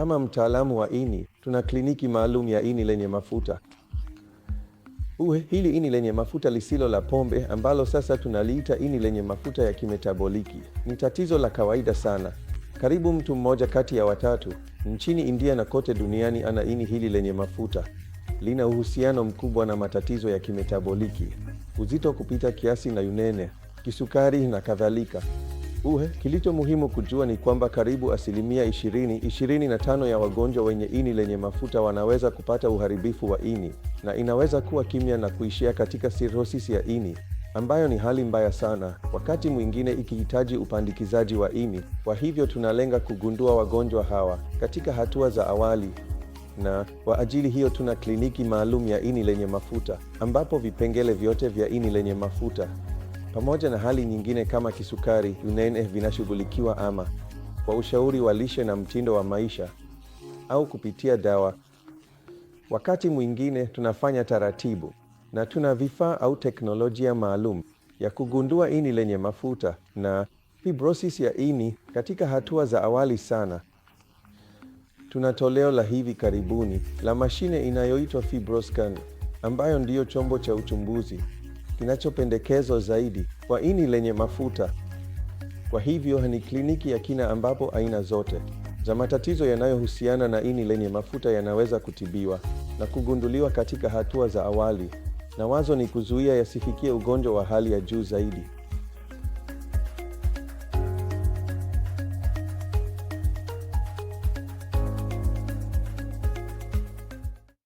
Kama mtaalamu wa ini, tuna kliniki maalum ya ini lenye mafuta. Uwe hili ini lenye mafuta lisilo la pombe ambalo sasa tunaliita ini lenye mafuta ya kimetaboliki ni tatizo la kawaida sana. Karibu mtu mmoja kati ya watatu nchini India na kote duniani ana ini hili lenye mafuta. Lina uhusiano mkubwa na matatizo ya kimetaboliki, uzito kupita kiasi na unene, kisukari na kadhalika uhe. Kilicho muhimu kujua ni kwamba karibu asilimia 20 25 ya wagonjwa wenye ini lenye mafuta wanaweza kupata uharibifu wa ini, na inaweza kuwa kimya na kuishia katika cirrhosis ya ini ambayo ni hali mbaya sana, wakati mwingine ikihitaji upandikizaji wa ini. Kwa hivyo tunalenga kugundua wagonjwa hawa katika hatua za awali, na kwa ajili hiyo tuna kliniki maalum ya ini lenye mafuta ambapo vipengele vyote vya ini lenye mafuta pamoja na hali nyingine kama kisukari, unene, vinashughulikiwa ama kwa ushauri wa lishe na mtindo wa maisha au kupitia dawa. Wakati mwingine tunafanya taratibu na tuna vifaa au teknolojia maalum ya kugundua ini lenye mafuta na fibrosis ya ini katika hatua za awali sana. Tuna toleo la hivi karibuni la mashine inayoitwa FibroScan ambayo ndiyo chombo cha uchunguzi kinachopendekezwa zaidi kwa ini lenye mafuta. Kwa hivyo ni kliniki ya kina ambapo aina zote za matatizo yanayohusiana na ini lenye mafuta yanaweza kutibiwa na kugunduliwa katika hatua za awali, na wazo ni kuzuia yasifikie ugonjwa wa hali ya juu zaidi.